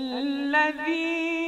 الذي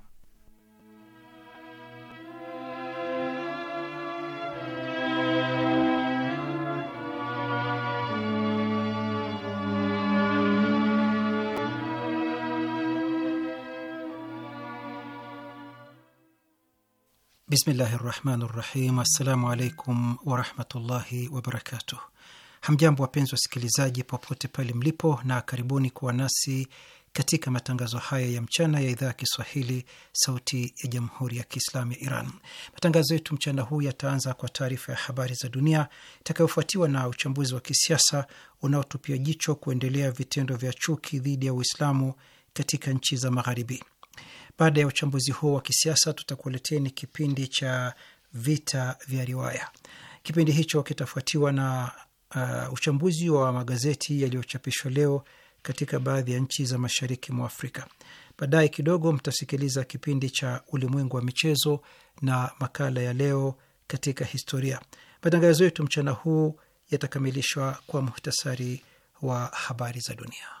Bismillahi rahmani rahim. Assalamu alaikum warahmatullahi wabarakatuh. Hamjambo wapenzi wasikilizaji, popote pale mlipo, na karibuni kuwa nasi katika matangazo haya ya mchana ya idhaa ya Kiswahili sauti ya jamhuri ya Kiislamu ya Iran. Matangazo yetu mchana huu yataanza kwa taarifa ya habari za dunia itakayofuatiwa na uchambuzi wa kisiasa unaotupia jicho kuendelea vitendo vya chuki dhidi ya Uislamu katika nchi za Magharibi. Baada ya uchambuzi huo wa kisiasa, tutakuleteni kipindi cha vita vya riwaya. Kipindi hicho kitafuatiwa na uh, uchambuzi wa magazeti yaliyochapishwa leo katika baadhi ya nchi za mashariki mwa Afrika. Baadaye kidogo mtasikiliza kipindi cha ulimwengu wa michezo na makala ya leo katika historia. Matangazo yetu mchana huu yatakamilishwa kwa muhtasari wa habari za dunia.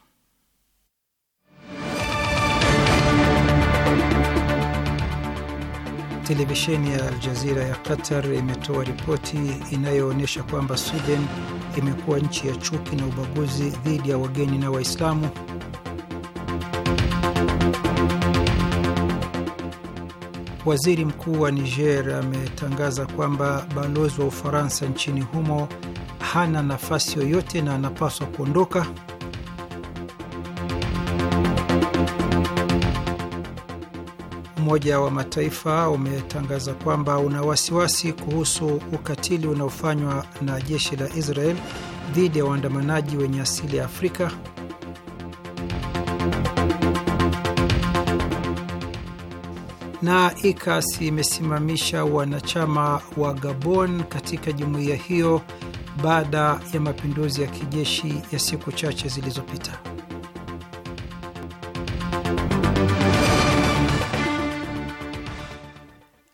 Televisheni ya Aljazira ya Qatar imetoa ripoti inayoonyesha kwamba Sweden imekuwa nchi ya chuki na ubaguzi dhidi ya wageni na Waislamu. Waziri mkuu wa Niger ametangaza kwamba balozi wa Ufaransa nchini humo hana nafasi yoyote na anapaswa kuondoka. Umoja wa Mataifa umetangaza kwamba una wasiwasi kuhusu ukatili unaofanywa na jeshi la Israel dhidi ya waandamanaji wenye asili ya Afrika. Na icas imesimamisha wanachama wa Gabon katika jumuiya hiyo baada ya mapinduzi ya kijeshi ya siku chache zilizopita.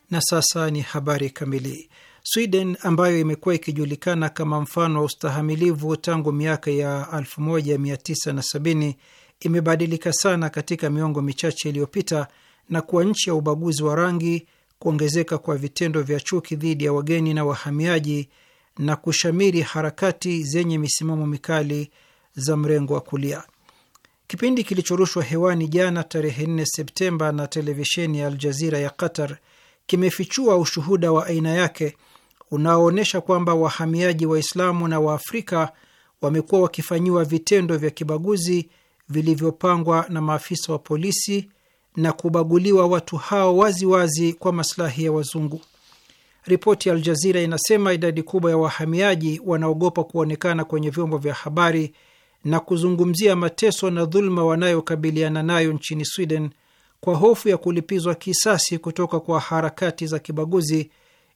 Na sasa ni habari kamili. Sweden ambayo imekuwa ikijulikana kama mfano wa ustahamilivu tangu miaka ya 1970 imebadilika sana katika miongo michache iliyopita na kuwa nchi ya ubaguzi wa rangi, kuongezeka kwa vitendo vya chuki dhidi ya wageni na wahamiaji, na kushamiri harakati zenye misimamo mikali za mrengo wa kulia. Kipindi kilichorushwa hewani jana tarehe 4 Septemba na televisheni ya Aljazira ya Qatar kimefichua ushuhuda wa aina yake unaoonyesha kwamba wahamiaji Waislamu na Waafrika wamekuwa wakifanyiwa vitendo vya kibaguzi vilivyopangwa na maafisa wa polisi na kubaguliwa watu hao waziwazi wazi kwa maslahi ya wazungu. Ripoti ya Aljazira inasema idadi kubwa ya wahamiaji wanaogopa kuonekana kwenye vyombo vya habari na kuzungumzia mateso na dhuluma wanayokabiliana nayo nchini Sweden kwa hofu ya kulipizwa kisasi kutoka kwa harakati za kibaguzi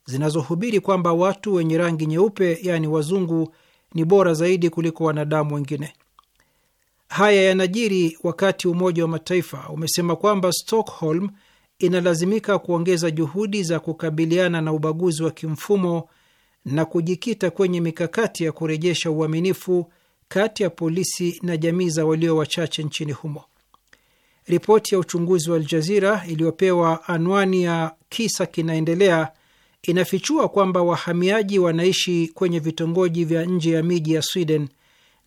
zinazohubiri kwamba watu wenye rangi nyeupe, yaani wazungu, ni bora zaidi kuliko wanadamu wengine. Haya yanajiri wakati Umoja wa Mataifa umesema kwamba Stockholm inalazimika kuongeza juhudi za kukabiliana na ubaguzi wa kimfumo na kujikita kwenye mikakati ya kurejesha uaminifu kati ya polisi na jamii za walio wachache nchini humo. Ripoti ya uchunguzi wa Aljazira iliyopewa anwani ya kisa kinaendelea inafichua kwamba wahamiaji wanaishi kwenye vitongoji vya nje ya miji ya Sweden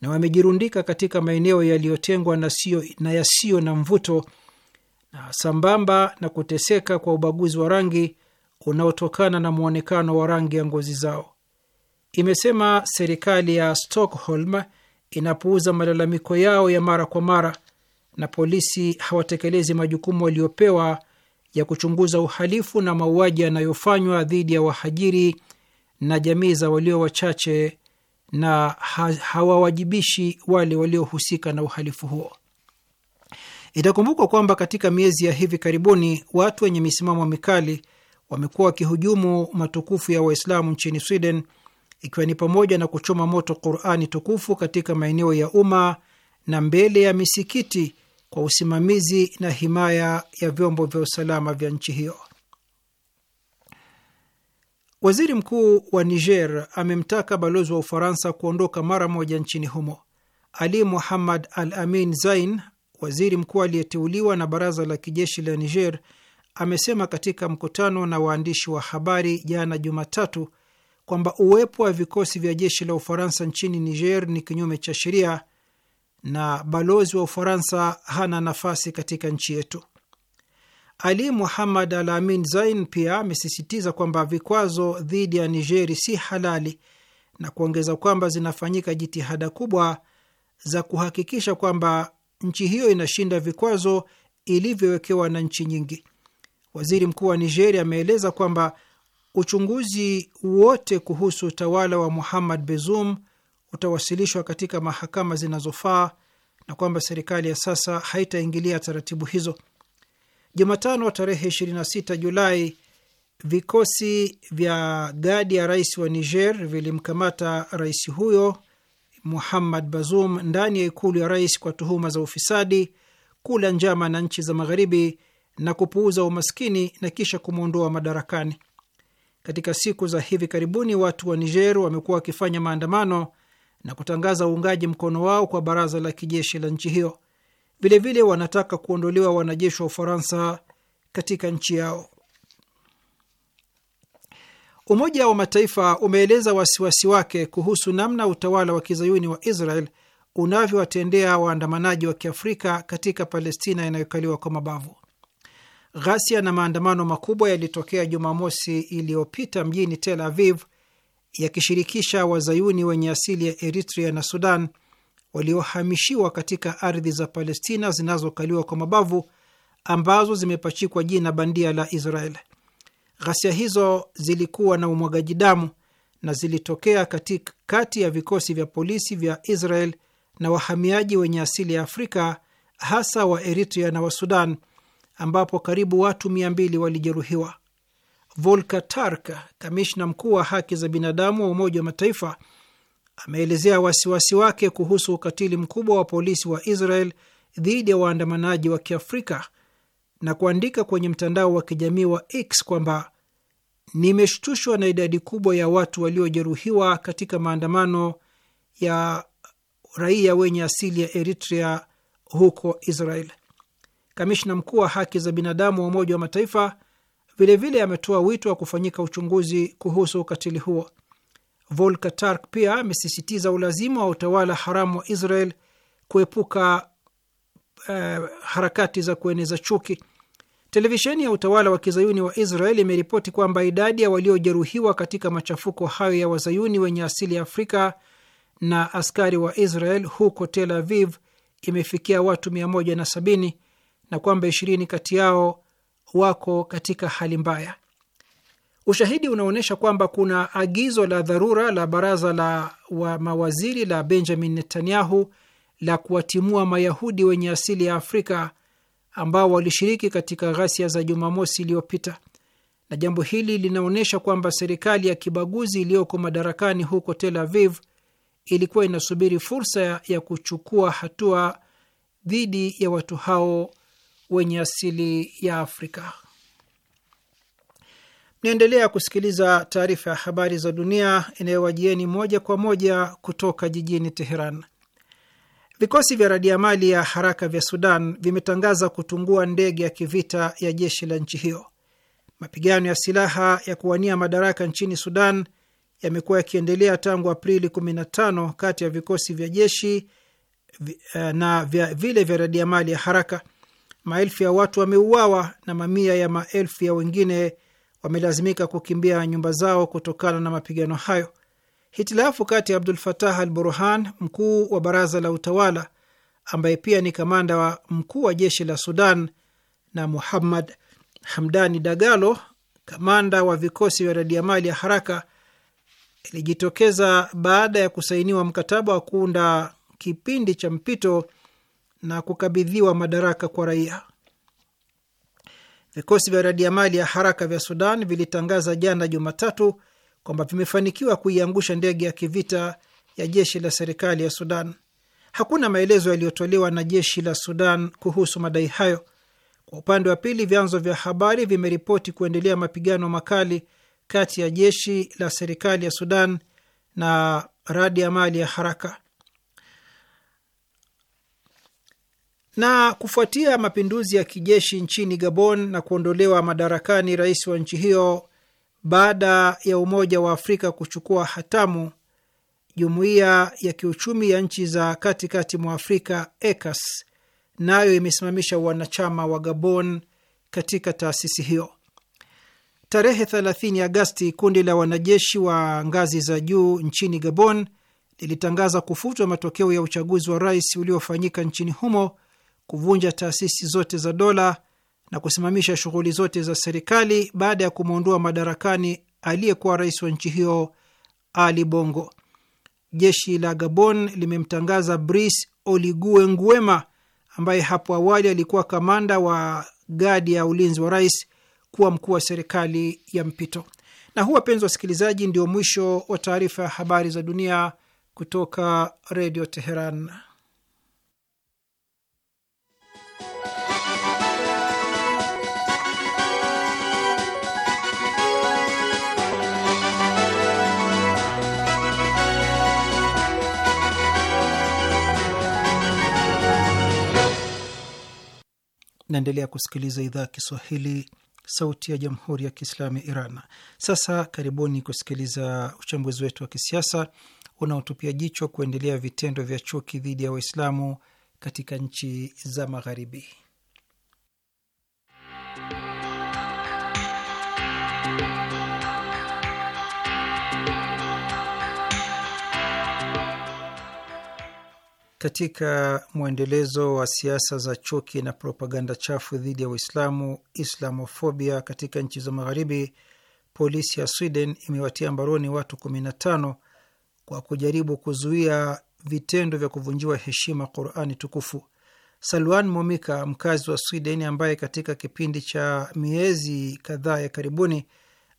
na wamejirundika katika maeneo yaliyotengwa na, na yasiyo na mvuto na sambamba na kuteseka kwa ubaguzi wa rangi unaotokana na mwonekano wa rangi ya ngozi zao. Imesema serikali ya Stockholm inapuuza malalamiko yao ya mara kwa mara na polisi hawatekelezi majukumu waliopewa ya kuchunguza uhalifu na mauaji yanayofanywa dhidi ya wahajiri na jamii za walio wachache na ha hawawajibishi wale waliohusika na uhalifu huo. Itakumbukwa kwamba katika miezi ya hivi karibuni watu wenye misimamo mikali wamekuwa wakihujumu matukufu ya Waislamu nchini Sweden, ikiwa ni pamoja na kuchoma moto Qurani tukufu katika maeneo ya umma na mbele ya misikiti kwa usimamizi na himaya ya vyombo vya usalama vya nchi hiyo. Waziri mkuu wa Niger amemtaka balozi wa Ufaransa kuondoka mara moja nchini humo. Ali Muhammad Al Amin Zain, waziri mkuu aliyeteuliwa na baraza la kijeshi la Niger, amesema katika mkutano na waandishi wa habari jana Jumatatu kwamba uwepo wa vikosi vya jeshi la Ufaransa nchini Niger ni kinyume cha sheria na balozi wa Ufaransa hana nafasi katika nchi yetu. Ali Muhammad amin Zain pia amesisitiza kwamba vikwazo dhidi ya Nigeri si halali na kuongeza kwamba zinafanyika jitihada kubwa za kuhakikisha kwamba nchi hiyo inashinda vikwazo ilivyowekewa na nchi nyingi. Waziri mkuu wa Nigeria ameeleza kwamba uchunguzi wote kuhusu utawala wa Muhammad Bazoum utawasilishwa katika mahakama zinazofaa na kwamba serikali ya sasa haitaingilia taratibu hizo. Jumatano tarehe 26 Julai, vikosi vya gadi ya rais wa Niger vilimkamata rais huyo Muhammad Bazoum ndani ya ikulu ya rais kwa tuhuma za ufisadi, kula njama na nchi za magharibi na kupuuza umaskini na kisha kumwondoa madarakani. Katika siku za hivi karibuni, watu wa Niger wamekuwa wakifanya maandamano na kutangaza uungaji mkono wao kwa baraza la kijeshi la nchi hiyo. Vilevile wanataka kuondolewa wanajeshi wa Ufaransa katika nchi yao. Umoja wa Mataifa umeeleza wasiwasi wake kuhusu namna utawala wa kizayuni wa Israel unavyowatendea waandamanaji wa kiafrika katika Palestina inayokaliwa kwa mabavu. Ghasia na maandamano makubwa yalitokea Jumamosi iliyopita mjini Tel Aviv yakishirikisha wazayuni wenye asili ya Eritrea na Sudan waliohamishiwa katika ardhi za Palestina zinazokaliwa kwa mabavu ambazo zimepachikwa jina bandia la israel Ghasia hizo zilikuwa na umwagaji damu na zilitokea katika kati ya vikosi vya polisi vya Israel na wahamiaji wenye asili ya Afrika hasa wa Eritrea na wa Sudan ambapo karibu watu mia mbili walijeruhiwa. Volker Turk, kamishna mkuu wa haki za binadamu wa Umoja wa Mataifa, ameelezea wasiwasi wake kuhusu ukatili mkubwa wa polisi wa Israel dhidi ya waandamanaji wa Kiafrika na kuandika kwenye mtandao wa kijamii wa X kwamba nimeshtushwa na idadi kubwa ya watu waliojeruhiwa katika maandamano ya raia wenye asili ya Eritrea huko Israel. Kamishna mkuu wa haki za binadamu wa Umoja wa Mataifa Vilevile ametoa wito wa kufanyika uchunguzi kuhusu ukatili huo. Volker Turk pia amesisitiza ulazima wa utawala haramu wa Israel kuepuka uh, harakati za kueneza chuki. Televisheni ya utawala wa kizayuni wa Israel imeripoti kwamba idadi ya waliojeruhiwa katika machafuko hayo ya wazayuni wenye asili ya Afrika na askari wa Israel huko Tel Aviv imefikia watu 170 na kwamba 20 kati yao wako katika hali mbaya. Ushahidi unaonyesha kwamba kuna agizo la dharura la baraza la wa mawaziri la Benjamin Netanyahu la kuwatimua Mayahudi wenye asili ya Afrika ambao walishiriki katika ghasia za Jumamosi iliyopita, na jambo hili linaonyesha kwamba serikali ya kibaguzi iliyoko madarakani huko Tel Aviv ilikuwa inasubiri fursa ya kuchukua hatua dhidi ya watu hao wenye asili ya Afrika. Mnaendelea kusikiliza taarifa ya habari za dunia inayowajieni moja kwa moja kutoka jijini Teheran. Vikosi vya radiamali ya haraka vya Sudan vimetangaza kutungua ndege ya kivita ya jeshi la nchi hiyo. Mapigano ya silaha ya kuwania madaraka nchini Sudan yamekuwa yakiendelea tangu Aprili 15 kati ya vikosi vya jeshi eh, na vya vile vya radiamali ya haraka maelfu ya watu wameuawa na mamia ya maelfu ya wengine wamelazimika kukimbia nyumba zao kutokana na mapigano hayo. Hitilafu kati ya Abdul Fatah al Burhan, mkuu wa baraza la utawala ambaye pia ni kamanda wa mkuu wa jeshi la Sudan, na Muhammad Hamdani Dagalo, kamanda wa vikosi vya mali ya haraka, ilijitokeza baada ya kusainiwa mkataba wa kuunda kipindi cha mpito na kukabidhiwa madaraka kwa raia. Vikosi vya mali ya haraka vya Sudan vilitangaza jana Jumatatu kwamba vimefanikiwa kuiangusha ndege ya kivita ya jeshi la serikali ya Sudan. Hakuna maelezo yaliyotolewa na jeshi la Sudan kuhusu madai hayo. Kwa upande wa pili, vyanzo vya habari vimeripoti kuendelea mapigano makali kati ya jeshi la serikali ya Sudan na radi ya mali ya haraka. Na kufuatia mapinduzi ya kijeshi nchini Gabon na kuondolewa madarakani rais wa nchi hiyo baada ya Umoja wa Afrika kuchukua hatamu, Jumuiya ya Kiuchumi ya Nchi za Katikati mwa Afrika ECAS nayo imesimamisha wanachama wa Gabon katika taasisi hiyo. Tarehe 30 Agasti, kundi la wanajeshi wa ngazi za juu nchini Gabon lilitangaza kufutwa matokeo ya uchaguzi wa rais uliofanyika nchini humo kuvunja taasisi zote za dola na kusimamisha shughuli zote za serikali baada ya kumwondoa madarakani aliyekuwa rais wa nchi hiyo Ali Bongo. Jeshi la Gabon limemtangaza Brice oligue Nguema ambaye hapo awali alikuwa kamanda wa gadi ya ulinzi wa rais kuwa mkuu wa serikali ya mpito. Na huu, wapenzi wasikilizaji, ndio mwisho wa taarifa ya habari za dunia kutoka Redio Teheran. Naendelea kusikiliza idhaa ya Kiswahili, sauti ya jamhuri ya kiislamu ya Iran. Sasa karibuni kusikiliza uchambuzi wetu wa kisiasa unaotupia jicho kuendelea vitendo vya chuki dhidi ya Waislamu katika nchi za Magharibi. katika mwendelezo wa siasa za chuki na propaganda chafu dhidi ya Waislamu, islamofobia katika nchi za Magharibi, polisi ya Sweden imewatia mbaroni watu 15 kwa kujaribu kuzuia vitendo vya kuvunjiwa heshima Qurani tukufu. Salwan Momika, mkazi wa Sweden ambaye katika kipindi cha miezi kadhaa ya karibuni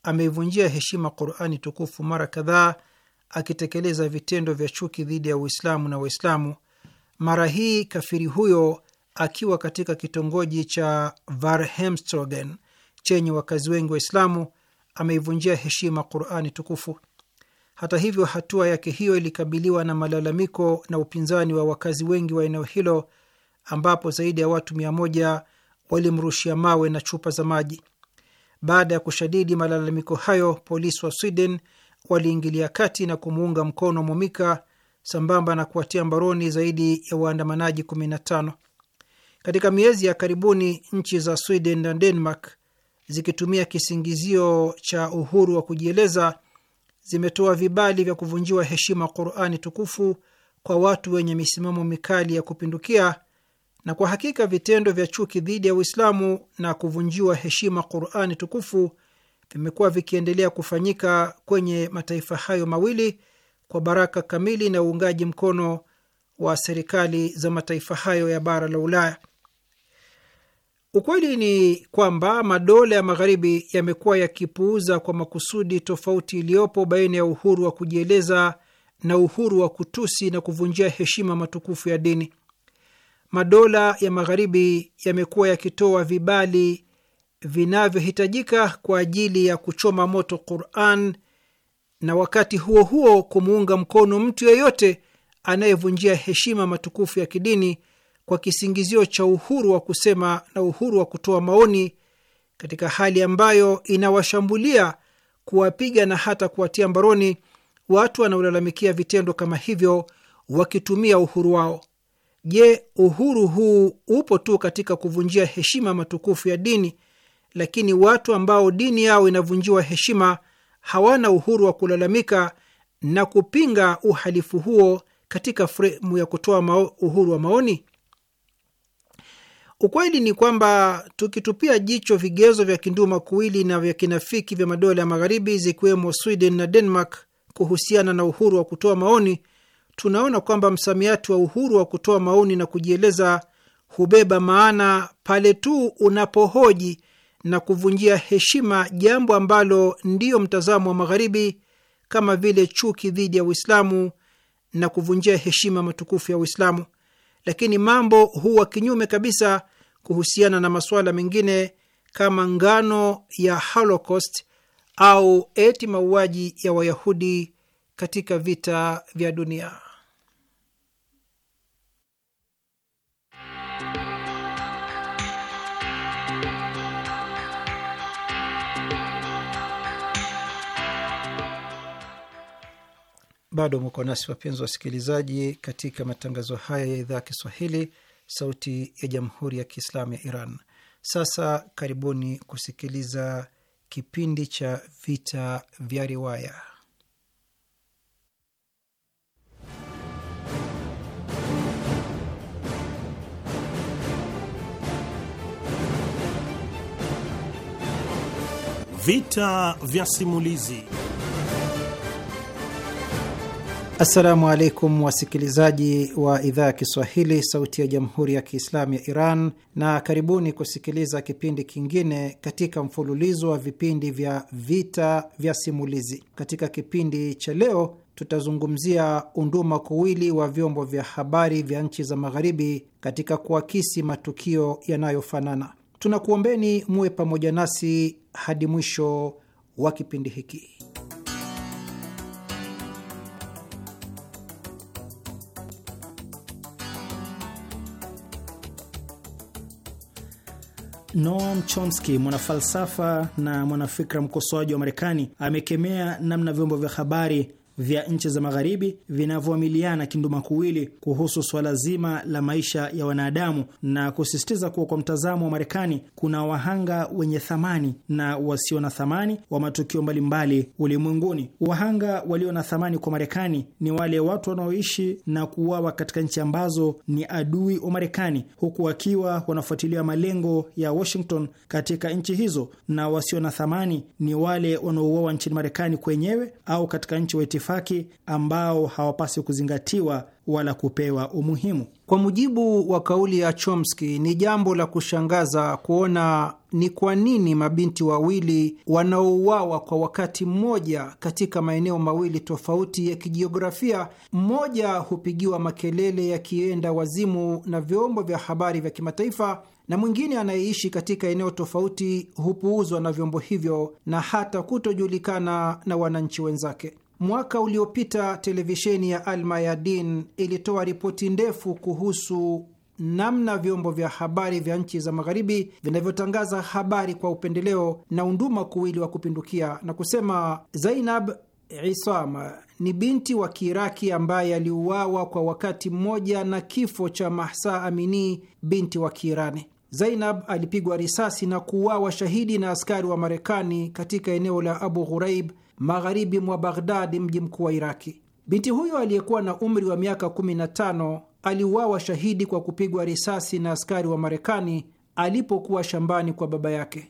ameivunjia heshima Qurani tukufu mara kadhaa akitekeleza vitendo vya chuki dhidi ya Uislamu na Waislamu, mara hii kafiri huyo akiwa katika kitongoji cha Varhemstrogen chenye wakazi wengi Waislamu ameivunjia heshima Qurani tukufu. Hata hivyo, hatua yake hiyo ilikabiliwa na malalamiko na upinzani wa wakazi wengi wa eneo hilo, ambapo zaidi ya watu mia moja walimrushia mawe na chupa za maji. Baada ya kushadidi malalamiko hayo, polisi wa Sweden waliingilia kati na kumuunga mkono Momika sambamba na kuwatia mbaroni zaidi ya waandamanaji 15. Katika miezi ya karibuni nchi za Sweden na Denmark zikitumia kisingizio cha uhuru wa kujieleza zimetoa vibali vya kuvunjiwa heshima Qurani tukufu kwa watu wenye misimamo mikali ya kupindukia, na kwa hakika vitendo vya chuki dhidi ya Uislamu na kuvunjiwa heshima Qurani tukufu vimekuwa vikiendelea kufanyika kwenye mataifa hayo mawili kwa baraka kamili na uungaji mkono wa serikali za mataifa hayo ya bara la Ulaya. Ukweli ni kwamba madola ya magharibi yamekuwa yakipuuza kwa makusudi tofauti iliyopo baina ya uhuru wa kujieleza na uhuru wa kutusi na kuvunjia heshima matukufu ya dini. Madola ya magharibi yamekuwa yakitoa vibali vinavyohitajika kwa ajili ya kuchoma moto Quran na wakati huo huo kumuunga mkono mtu yeyote anayevunjia heshima matukufu ya kidini kwa kisingizio cha uhuru wa kusema na uhuru wa kutoa maoni, katika hali ambayo inawashambulia, kuwapiga na hata kuwatia mbaroni watu wanaolalamikia vitendo kama hivyo wakitumia uhuru wao. Je, uhuru huu upo tu katika kuvunjia heshima matukufu ya dini? Lakini watu ambao dini yao inavunjiwa heshima hawana uhuru wa kulalamika na kupinga uhalifu huo katika fremu ya kutoa mao, uhuru wa maoni? Ukweli ni kwamba tukitupia jicho vigezo vya kinduma kuwili na vya kinafiki vya madola ya magharibi zikiwemo Sweden na Denmark kuhusiana na uhuru wa kutoa maoni, tunaona kwamba msamiati wa uhuru wa kutoa maoni na kujieleza hubeba maana pale tu unapohoji na kuvunjia heshima jambo ambalo ndiyo mtazamo wa Magharibi, kama vile chuki dhidi ya Uislamu na kuvunjia heshima matukufu ya Uislamu. Lakini mambo huwa kinyume kabisa kuhusiana na masuala mengine kama ngano ya Holocaust au eti mauaji ya Wayahudi katika vita vya dunia. Bado mko nasi wapenzi wasikilizaji, katika matangazo haya ya idhaa ya Kiswahili, Sauti ya Jamhuri ya Kiislamu ya Iran. Sasa karibuni kusikiliza kipindi cha Vita vya Riwaya. Vita vya Simulizi. Assalamu alaikum wasikilizaji wa idhaa ya Kiswahili sauti ya jamhuri ya Kiislamu ya Iran, na karibuni kusikiliza kipindi kingine katika mfululizo wa vipindi vya vita vya simulizi. Katika kipindi cha leo, tutazungumzia unduma kuwili wa vyombo vya habari vya nchi za Magharibi katika kuakisi matukio yanayofanana. Tunakuombeni muwe pamoja nasi hadi mwisho wa kipindi hiki. Noam Chomsky, mwanafalsafa na mwanafikra mkosoaji wa Marekani, amekemea namna vyombo vya habari vya nchi za Magharibi vinavyoamiliana kindumakuwili kuhusu swala zima la maisha ya wanadamu na kusisitiza kuwa kwa mtazamo wa Marekani kuna wahanga wenye thamani na wasio na thamani wa matukio mbalimbali ulimwenguni. Wahanga walio na thamani kwa Marekani ni wale watu wanaoishi na kuuawa katika nchi ambazo ni adui wa Marekani, huku wakiwa wanafuatilia malengo ya Washington katika nchi hizo, na wasio na thamani ni wale wanaouawa nchini Marekani kwenyewe au katika nchi wa itifaki ambao hawapasi kuzingatiwa wala kupewa umuhimu. Kwa mujibu wa kauli ya Chomsky, ni jambo la kushangaza kuona ni kwa nini mabinti wawili wanaouawa kwa wakati mmoja katika maeneo mawili tofauti ya kijiografia, mmoja hupigiwa makelele yakienda wazimu na vyombo vya habari vya kimataifa na mwingine anayeishi katika eneo tofauti hupuuzwa na vyombo hivyo na hata kutojulikana na wananchi wenzake. Mwaka uliopita televisheni ya Al Mayadin ilitoa ripoti ndefu kuhusu namna vyombo vya habari vya nchi za magharibi vinavyotangaza habari kwa upendeleo na unduma kuwili wa kupindukia, na kusema Zainab Isam ni binti wa Kiiraki ambaye aliuawa kwa wakati mmoja na kifo cha Mahsa Amini, binti wa Kiirani. Zainab alipigwa risasi na kuuawa shahidi na askari wa Marekani katika eneo la Abu Ghuraib magharibi mwa Baghdadi, mji mkuu wa Iraki. Binti huyo aliyekuwa na umri wa miaka 15 aliuawa shahidi kwa kupigwa risasi na askari wa Marekani alipokuwa shambani kwa baba yake,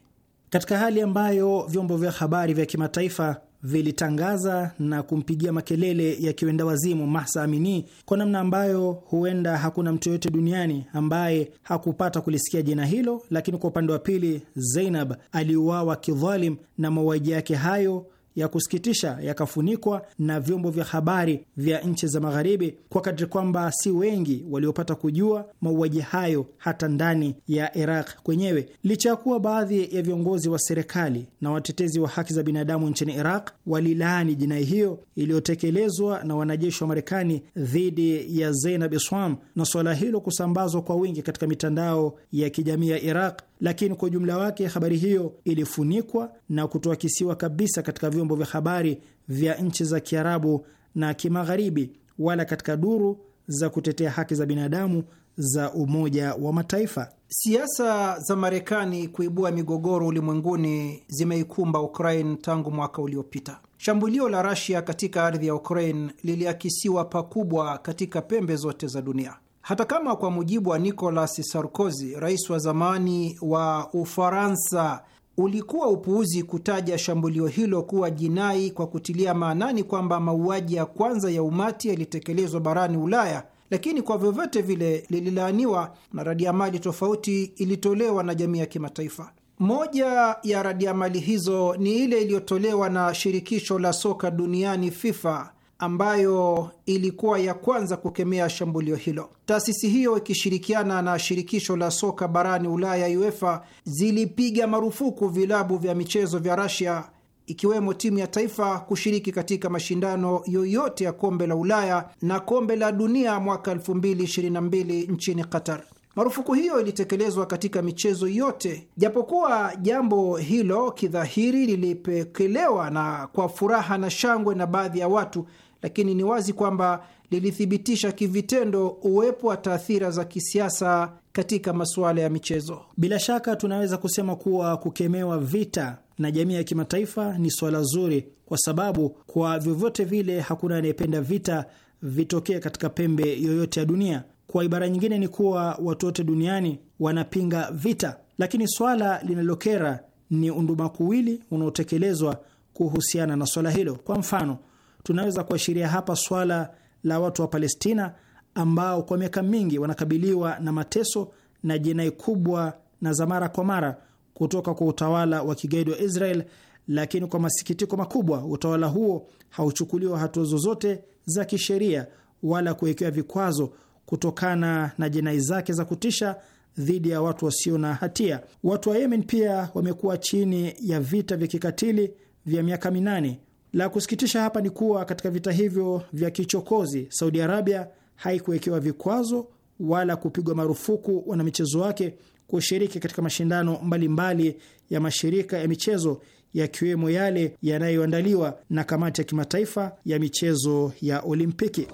katika hali ambayo vyombo vya habari vya kimataifa vilitangaza na kumpigia makelele ya kiwenda wazimu Mahsa Amini kwa namna ambayo huenda hakuna mtu yoyote duniani ambaye hakupata kulisikia jina hilo. Lakini kwa upande wa pili, zeinab aliuawa kidhalim na mauaji yake hayo ya kusikitisha yakafunikwa na vyombo vya habari vya nchi za Magharibi kwa kadri kwamba si wengi waliopata kujua mauaji hayo hata ndani ya Iraq kwenyewe, licha ya kuwa baadhi ya viongozi wa serikali na watetezi wa haki za binadamu nchini Iraq walilaani jinai hiyo iliyotekelezwa na wanajeshi wa Marekani dhidi ya Zainab Iswam na suala hilo kusambazwa kwa wingi katika mitandao ya kijamii ya Iraq lakini kwa ujumla wake habari hiyo ilifunikwa na kutoakisiwa kabisa katika vyombo vya habari vya nchi za Kiarabu na Kimagharibi, wala katika duru za kutetea haki za binadamu za Umoja wa Mataifa. Siasa za Marekani kuibua migogoro ulimwenguni zimeikumba Ukraine tangu mwaka uliopita. Shambulio la Rasia katika ardhi ya Ukraine liliakisiwa pakubwa katika pembe zote za dunia hata kama kwa mujibu wa Nicolas Sarkozy, rais wa zamani wa Ufaransa, ulikuwa upuuzi kutaja shambulio hilo kuwa jinai, kwa kutilia maanani kwamba mauaji ya kwanza ya umati yalitekelezwa barani Ulaya, lakini kwa vyovyote vile lililaaniwa na radiamali tofauti ilitolewa na jamii ya kimataifa. Moja ya radiamali hizo ni ile iliyotolewa na shirikisho la soka duniani FIFA ambayo ilikuwa ya kwanza kukemea shambulio hilo. Taasisi hiyo ikishirikiana na shirikisho la soka barani Ulaya, UEFA, zilipiga marufuku vilabu vya michezo vya Rasia ikiwemo timu ya taifa kushiriki katika mashindano yoyote ya kombe la Ulaya na kombe la dunia mwaka 2022 nchini Qatar. Marufuku hiyo ilitekelezwa katika michezo yote, japokuwa jambo hilo kidhahiri lilipokelewa na kwa furaha na shangwe na baadhi ya watu lakini ni wazi kwamba lilithibitisha kivitendo uwepo wa taathira za kisiasa katika masuala ya michezo. Bila shaka tunaweza kusema kuwa kukemewa vita na jamii ya kimataifa ni swala zuri, kwa sababu kwa vyovyote vile hakuna anayependa vita vitokee katika pembe yoyote ya dunia. Kwa ibara nyingine, ni kuwa watu wote duniani wanapinga vita, lakini swala linalokera ni undumakuwili unaotekelezwa kuhusiana na swala hilo. Kwa mfano tunaweza kuashiria hapa swala la watu wa Palestina ambao kwa miaka mingi wanakabiliwa na mateso na jinai kubwa na za mara kwa mara kutoka kwa utawala wa kigaidi wa Israel, lakini kwa masikitiko makubwa utawala huo hauchukuliwa hatua zozote za kisheria wala kuwekewa vikwazo kutokana na jinai zake za kutisha dhidi ya watu wasio na hatia. Watu wa Yemen pia wamekuwa chini ya vita vya kikatili vya miaka minane la kusikitisha hapa ni kuwa katika vita hivyo vya kichokozi, Saudi Arabia haikuwekewa vikwazo wala kupigwa marufuku wanamichezo wake kushiriki katika mashindano mbalimbali mbali ya mashirika ya michezo yakiwemo yale yanayoandaliwa na Kamati ya Kimataifa ya Michezo ya Olimpiki.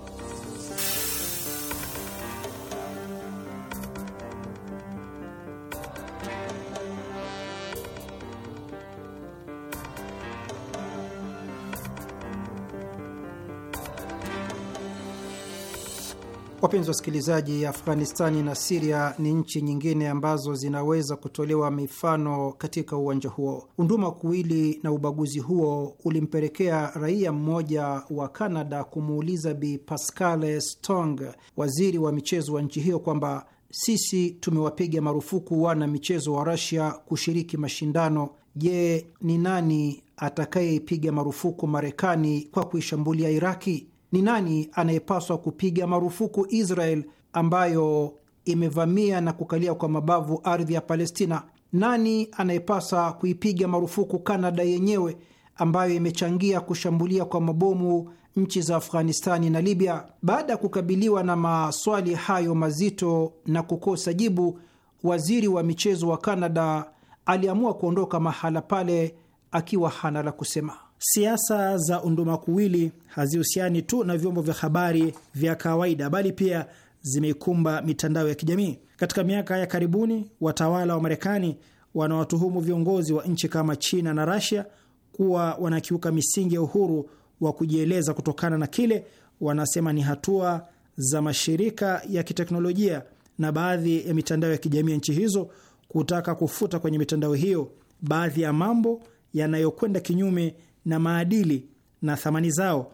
Wapenzi wasikilizaji, Afghanistani na Siria ni nchi nyingine ambazo zinaweza kutolewa mifano katika uwanja huo. Unduma kuwili na ubaguzi huo ulimpelekea raia mmoja wa Kanada kumuuliza Bi Pascale Stong, waziri wa michezo wa nchi hiyo, kwamba sisi tumewapiga marufuku wana michezo wa Rasia kushiriki mashindano. Je, ni nani atakayeipiga marufuku Marekani kwa kuishambulia Iraki? ni nani anayepaswa kupiga marufuku Israel ambayo imevamia na kukalia kwa mabavu ardhi ya Palestina? Nani anayepaswa kuipiga marufuku Kanada yenyewe ambayo imechangia kushambulia kwa mabomu nchi za Afghanistani na Libya? Baada ya kukabiliwa na maswali hayo mazito na kukosa jibu, waziri wa michezo wa Kanada aliamua kuondoka mahala pale akiwa hana la kusema. Siasa za undumakuwili hazihusiani tu na vyombo vya habari vya kawaida, bali pia zimeikumba mitandao ya kijamii. Katika miaka ya karibuni, watawala wa Marekani wanawatuhumu viongozi wa nchi kama China na Rasia kuwa wanakiuka misingi ya uhuru wa kujieleza kutokana na kile wanasema ni hatua za mashirika ya kiteknolojia na baadhi ya mitandao ya kijamii ya nchi hizo kutaka kufuta kwenye mitandao hiyo baadhi ya mambo yanayokwenda kinyume na maadili na thamani zao.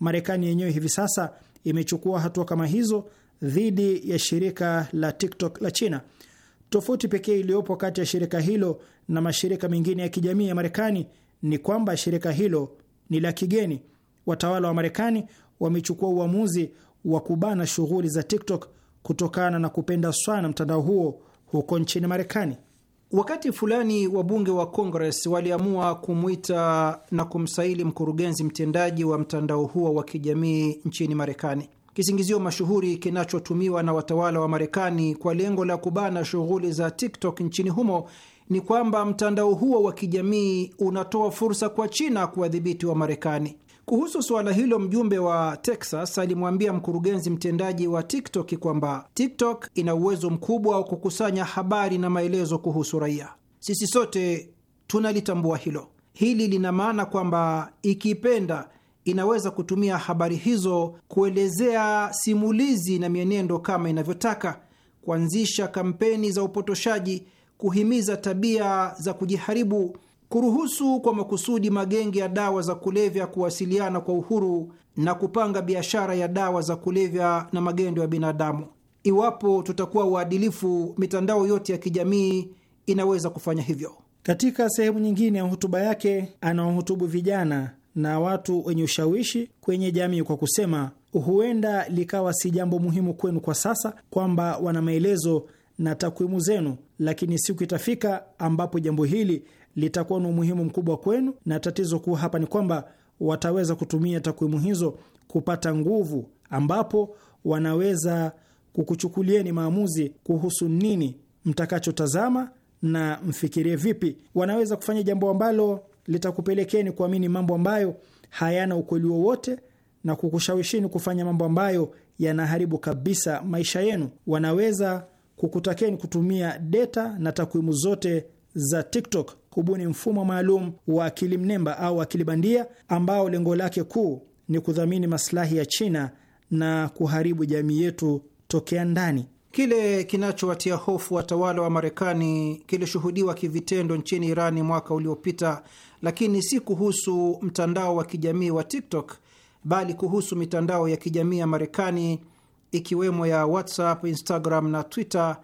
Marekani yenyewe hivi sasa imechukua hatua kama hizo dhidi ya shirika la TikTok la China. Tofauti pekee iliyopo kati ya shirika hilo na mashirika mengine ya kijamii ya Marekani ni kwamba shirika hilo ni la kigeni. Watawala wa Marekani wamechukua uamuzi wa kubana shughuli za TikTok kutokana na kupenda sana mtandao huo huko nchini Marekani. Wakati fulani wabunge wa Kongres waliamua kumwita na kumsaili mkurugenzi mtendaji wa mtandao huo wa kijamii nchini Marekani. Kisingizio mashuhuri kinachotumiwa na watawala wa Marekani kwa lengo la kubana shughuli za TikTok nchini humo ni kwamba mtandao huo wa kijamii unatoa fursa kwa China kuwadhibiti wa Marekani. Kuhusu suala hilo, mjumbe wa Texas alimwambia mkurugenzi mtendaji wa TikTok kwamba TikTok ina uwezo mkubwa wa kukusanya habari na maelezo kuhusu raia. Sisi sote tunalitambua hilo. Hili lina maana kwamba ikipenda inaweza kutumia habari hizo kuelezea simulizi na mienendo kama inavyotaka, kuanzisha kampeni za upotoshaji, kuhimiza tabia za kujiharibu kuruhusu kwa makusudi magenge ya dawa za kulevya kuwasiliana kwa uhuru na kupanga biashara ya dawa za kulevya na magendo ya binadamu. Iwapo tutakuwa waadilifu, mitandao yote ya kijamii inaweza kufanya hivyo. Katika sehemu nyingine ya hotuba yake, anawahutubu vijana na watu wenye ushawishi kwenye jamii kwa kusema, huenda likawa si jambo muhimu kwenu kwa sasa kwamba wana maelezo na takwimu zenu, lakini siku itafika ambapo jambo hili litakuwa na umuhimu mkubwa kwenu, na tatizo kuu hapa ni kwamba wataweza kutumia takwimu hizo kupata nguvu, ambapo wanaweza kukuchukulieni maamuzi kuhusu nini mtakachotazama na mfikirie vipi. Wanaweza kufanya jambo ambalo litakupelekeni kuamini mambo ambayo hayana ukweli wowote na kukushawishini kufanya mambo ambayo yanaharibu kabisa maisha yenu. Wanaweza kukutakeni kutumia data na takwimu zote za TikTok hubuni mfumo maalum wa akili mnemba au akili bandia ambao lengo lake kuu ni kudhamini maslahi ya China na kuharibu jamii yetu tokea ndani. Kile kinachowatia hofu watawala wa Marekani kilishuhudiwa kivitendo nchini Irani mwaka uliopita, lakini si kuhusu mtandao wa kijamii wa TikTok bali kuhusu mitandao ya kijamii ya Marekani ikiwemo ya WhatsApp, Instagram na Twitter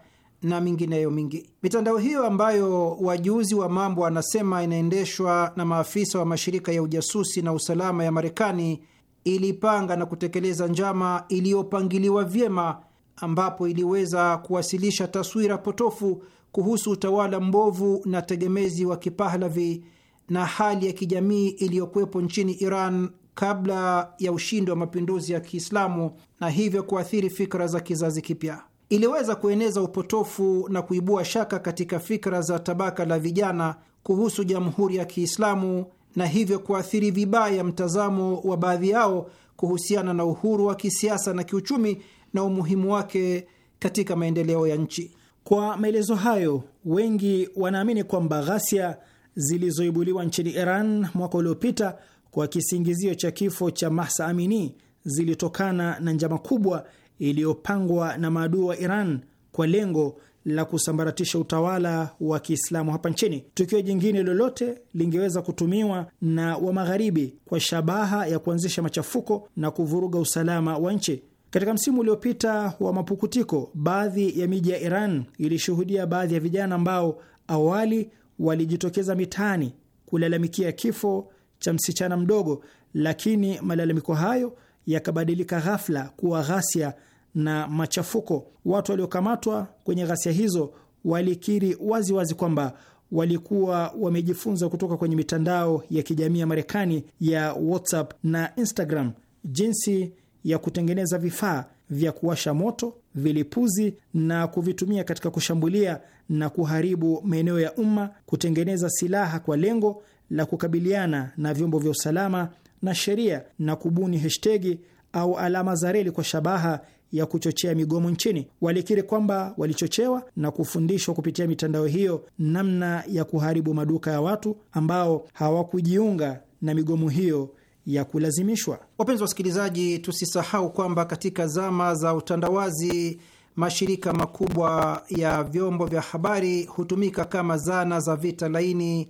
na mingineyo mingi. Mitandao hiyo ambayo wajuzi wa mambo wanasema inaendeshwa na maafisa wa mashirika ya ujasusi na usalama ya Marekani ilipanga na kutekeleza njama iliyopangiliwa vyema, ambapo iliweza kuwasilisha taswira potofu kuhusu utawala mbovu na tegemezi wa Kipahlavi na hali ya kijamii iliyokuwepo nchini Iran kabla ya ushindi wa mapinduzi ya Kiislamu na hivyo kuathiri fikra za kizazi kipya iliweza kueneza upotofu na kuibua shaka katika fikra za tabaka la vijana kuhusu Jamhuri ya Kiislamu na hivyo kuathiri vibaya mtazamo wa baadhi yao kuhusiana na uhuru wa kisiasa na kiuchumi na umuhimu wake katika maendeleo ya nchi. Kwa maelezo hayo, wengi wanaamini kwamba ghasia zilizoibuliwa nchini Iran mwaka uliopita kwa kisingizio cha kifo cha Mahsa Amini zilitokana na njama kubwa iliyopangwa na maadui wa Iran kwa lengo la kusambaratisha utawala wa Kiislamu hapa nchini. Tukio jingine lolote lingeweza kutumiwa na wa Magharibi kwa shabaha ya kuanzisha machafuko na kuvuruga usalama wa nchi. Katika msimu uliopita wa mapukutiko, baadhi ya miji ya Iran ilishuhudia baadhi ya vijana ambao awali walijitokeza mitaani kulalamikia kifo cha msichana mdogo, lakini malalamiko hayo yakabadilika ghafla kuwa ghasia na machafuko. Watu waliokamatwa kwenye ghasia hizo walikiri waziwazi wazi kwamba walikuwa wamejifunza kutoka kwenye mitandao ya kijamii ya Marekani ya WhatsApp na Instagram jinsi ya kutengeneza vifaa vya kuwasha moto, vilipuzi na kuvitumia katika kushambulia na kuharibu maeneo ya umma, kutengeneza silaha kwa lengo la kukabiliana na vyombo vya usalama na sheria, na kubuni hashtegi au alama za reli kwa shabaha ya kuchochea migomo nchini. Walikiri kwamba walichochewa na kufundishwa kupitia mitandao hiyo namna ya kuharibu maduka ya watu ambao hawakujiunga na migomo hiyo ya kulazimishwa. Wapenzi wasikilizaji, tusisahau kwamba katika zama za utandawazi mashirika makubwa ya vyombo vya habari hutumika kama zana za vita laini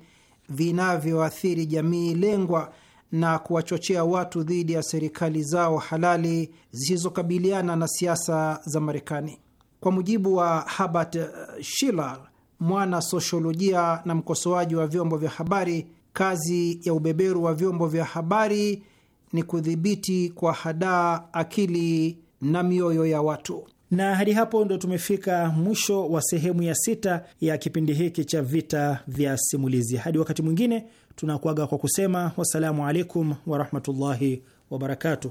vinavyoathiri jamii lengwa na kuwachochea watu dhidi ya serikali zao halali zisizokabiliana na siasa za Marekani. Kwa mujibu wa Herbert eh, Schiller, mwana sosiolojia na mkosoaji wa vyombo vya habari, kazi ya ubeberu wa vyombo vya habari ni kudhibiti kwa hadaa akili na mioyo ya watu. Na hadi hapo ndo tumefika mwisho wa sehemu ya sita ya kipindi hiki cha Vita vya Simulizi. Hadi wakati mwingine, tunakuaga kwa kusema wassalamu alaikum warahmatullahi wabarakatuh.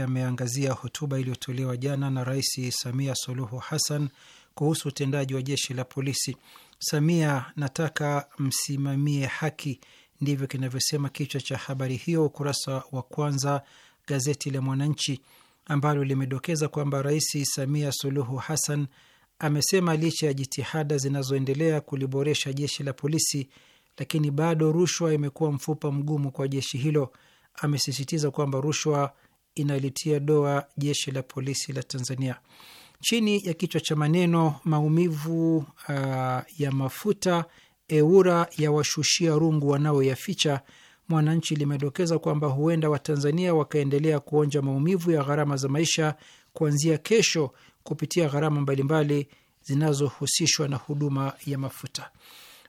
yameangazia hotuba iliyotolewa jana na Rais Samia Suluhu Hassan kuhusu utendaji wa jeshi la polisi. Samia, nataka msimamie haki, ndivyo kinavyosema kichwa cha habari hiyo, ukurasa wa kwanza gazeti la Mwananchi, ambalo limedokeza kwamba Rais Samia Suluhu Hassan amesema licha ya jitihada zinazoendelea kuliboresha jeshi la polisi, lakini bado rushwa imekuwa mfupa mgumu kwa jeshi hilo. Amesisitiza kwamba rushwa inalitia doa jeshi la polisi la Tanzania chini ya kichwa cha maneno maumivu uh, ya mafuta eura ya washushia rungu wanaoyaficha. Mwananchi limedokeza kwamba huenda Watanzania wakaendelea kuonja maumivu ya gharama za maisha kuanzia kesho kupitia gharama mbalimbali zinazohusishwa na huduma ya mafuta.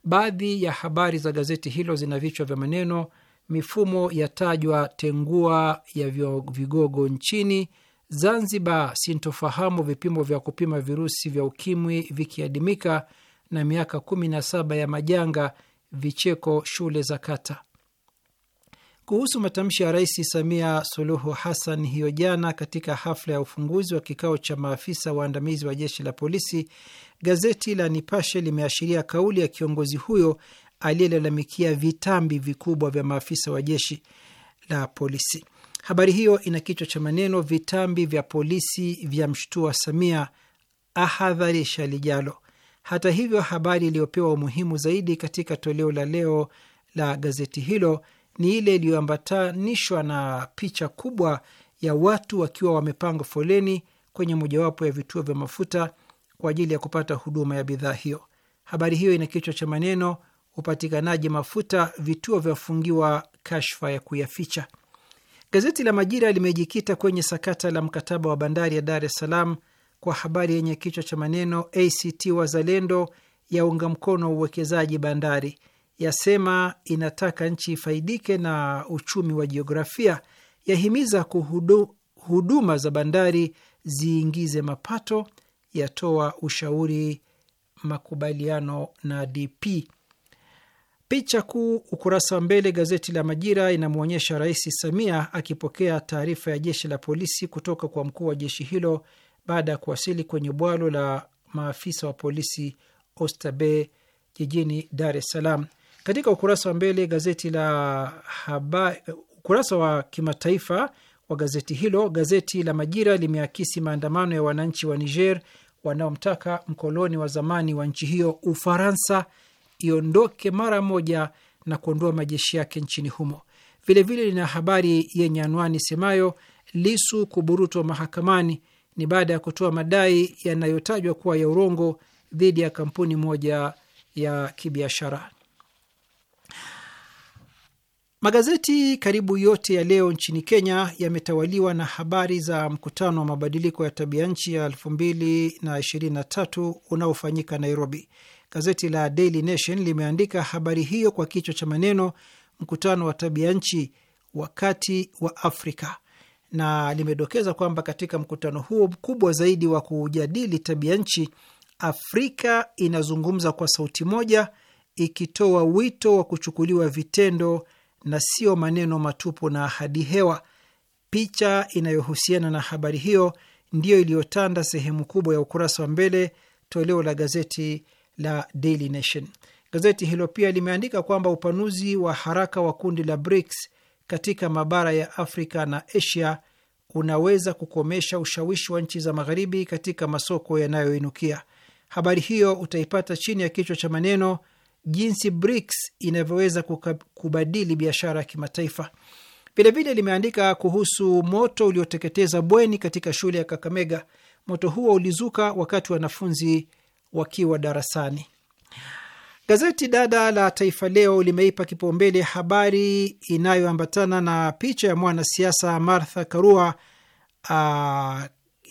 Baadhi ya habari za gazeti hilo zina vichwa vya maneno mifumo yatajwa tengua ya vigogo nchini Zanzibar, sintofahamu vipimo vya kupima virusi vya ukimwi vikiadimika, na miaka kumi na saba ya majanga, vicheko shule za kata. Kuhusu matamshi ya Rais Samia Suluhu Hassan hiyo jana katika hafla ya ufunguzi wa kikao cha maafisa waandamizi wa jeshi la polisi, gazeti la Nipashe limeashiria kauli ya kiongozi huyo aliyelalamikia vitambi vikubwa vya maafisa wa jeshi la polisi. Habari hiyo ina kichwa cha maneno vitambi vya polisi vya mshtua Samia ahadharisha lijalo. Hata hivyo, habari iliyopewa umuhimu zaidi katika toleo la leo la gazeti hilo ni ile iliyoambatanishwa na picha kubwa ya watu wakiwa wamepanga foleni kwenye mojawapo ya vituo vya mafuta kwa ajili ya kupata huduma ya bidhaa hiyo. Habari hiyo ina kichwa cha maneno upatikanaji mafuta, vituo vyafungiwa kashfa ya kuyaficha. Gazeti la Majira limejikita kwenye sakata la mkataba wa bandari ya Dar es Salaam kwa habari yenye kichwa cha maneno ACT Wazalendo yaunga mkono uwekezaji bandari, yasema inataka nchi ifaidike na uchumi wa jiografia, yahimiza kuhudu, huduma za bandari ziingize mapato, yatoa ushauri makubaliano na DP. Picha kuu ukurasa wa mbele gazeti la Majira inamwonyesha Rais Samia akipokea taarifa ya jeshi la polisi kutoka kwa mkuu wa jeshi hilo baada ya kuwasili kwenye bwalo la maafisa wa polisi Oysterbay jijini Dar es Salaam. Katika ukurasa wa mbele gazeti la haba, ukurasa wa kimataifa wa gazeti hilo, gazeti la Majira limeakisi maandamano ya wananchi wa Niger wanaomtaka mkoloni wa zamani wa nchi hiyo Ufaransa iondoke mara moja na kuondoa majeshi yake nchini humo. Vilevile lina habari yenye anwani semayo Lisu kuburutwa mahakamani ni baada ya kutoa madai yanayotajwa kuwa ya urongo dhidi ya kampuni moja ya kibiashara. Magazeti karibu yote ya leo nchini Kenya yametawaliwa na habari za mkutano wa mabadiliko ya tabia nchi ya 2023 unaofanyika Nairobi. Gazeti la Daily Nation limeandika habari hiyo kwa kichwa cha maneno mkutano wa tabia nchi wakati wa Afrika, na limedokeza kwamba katika mkutano huo mkubwa zaidi wa kujadili tabia nchi, Afrika inazungumza kwa sauti moja, ikitoa wito wa kuchukuliwa vitendo na sio maneno matupu na ahadi hewa. Picha inayohusiana na habari hiyo ndiyo iliyotanda sehemu kubwa ya ukurasa wa mbele toleo la gazeti la Daily Nation. Gazeti hilo pia limeandika kwamba upanuzi wa haraka wa kundi la BRICS katika mabara ya Afrika na Asia unaweza kukomesha ushawishi wa nchi za magharibi katika masoko yanayoinukia. Habari hiyo utaipata chini ya kichwa cha maneno jinsi BRICS inavyoweza kubadili biashara ya kimataifa. Vilevile limeandika kuhusu moto ulioteketeza bweni katika shule ya Kakamega. Moto huo ulizuka wakati wanafunzi wakiwa darasani. Gazeti dada la Taifa Leo limeipa kipaumbele habari inayoambatana na picha ya mwanasiasa Martha Karua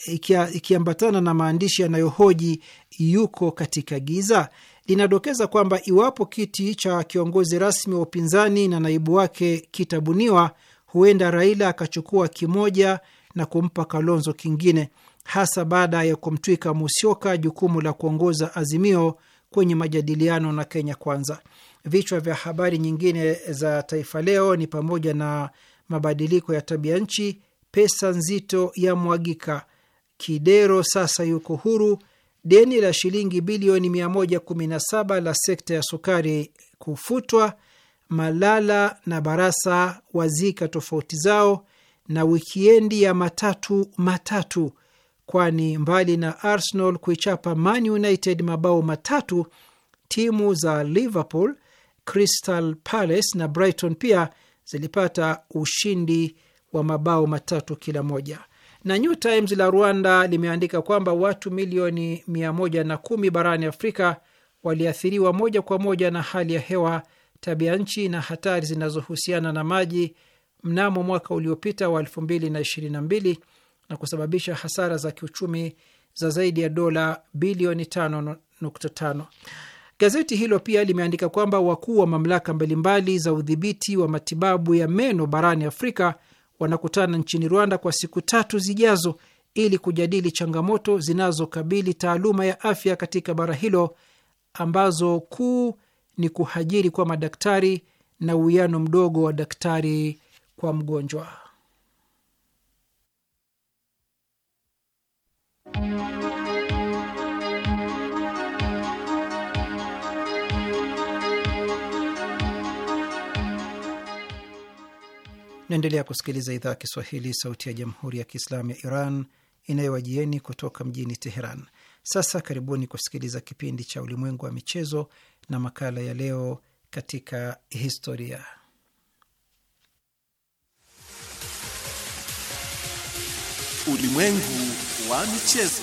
ikiambatana ikiambatana na maandishi yanayohoji yuko katika giza. Linadokeza kwamba iwapo kiti cha kiongozi rasmi wa upinzani na naibu wake kitabuniwa, huenda Raila akachukua kimoja na kumpa Kalonzo kingine hasa baada ya kumtwika Musyoka jukumu la kuongoza Azimio kwenye majadiliano na Kenya Kwanza. Vichwa vya habari nyingine za Taifa Leo ni pamoja na mabadiliko ya tabia nchi, pesa nzito ya mwagika, Kidero sasa yuko huru, deni la shilingi bilioni 117 la sekta ya sukari kufutwa, Malala na Barasa wazika tofauti zao, na wikiendi ya matatu matatu kwani mbali na Arsenal kuichapa Man United mabao matatu, timu za Liverpool, Crystal Palace na Brighton pia zilipata ushindi wa mabao matatu kila moja. Na New Times la Rwanda limeandika kwamba watu milioni 110 barani Afrika waliathiriwa moja kwa moja na hali ya hewa, tabia nchi na hatari zinazohusiana na maji mnamo mwaka uliopita wa 2022 na kusababisha hasara za kiuchumi za zaidi ya dola bilioni 5.5. Gazeti hilo pia limeandika kwamba wakuu wa mamlaka mbalimbali za udhibiti wa matibabu ya meno barani Afrika wanakutana nchini Rwanda kwa siku tatu zijazo ili kujadili changamoto zinazokabili taaluma ya afya katika bara hilo ambazo kuu ni kuhajiri kwa madaktari na uwiano mdogo wa daktari kwa mgonjwa. Naendelea kusikiliza idhaa ya Kiswahili, sauti ya jamhuri ya kiislamu ya Iran inayowajieni kutoka mjini Teheran. Sasa karibuni kusikiliza kipindi cha ulimwengu wa michezo na makala ya leo katika historia. Ulimwengu wa michezo.